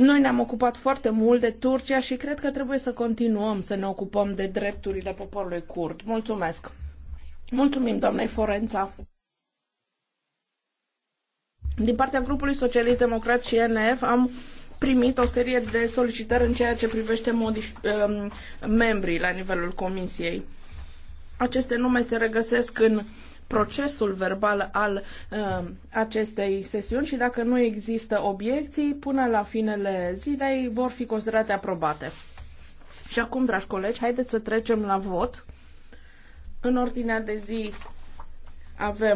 Noi ne-am ocupat foarte mult de Turcia și cred că trebuie să continuăm să ne ocupăm de drepturile poporului curd. Mulțumesc! Mulțumim, doamnei Forența! Din partea grupului Socialist Democrat și NF am primit o serie de solicitări în ceea ce privește um, membrii la nivelul Comisiei. Aceste nume se regăsesc în procesul verbal al uh, acestei sesiuni și dacă nu există obiecții, până la finele zilei vor fi considerate aprobate. Și acum, dragi colegi, haideți să trecem la vot. În ordinea de zi avem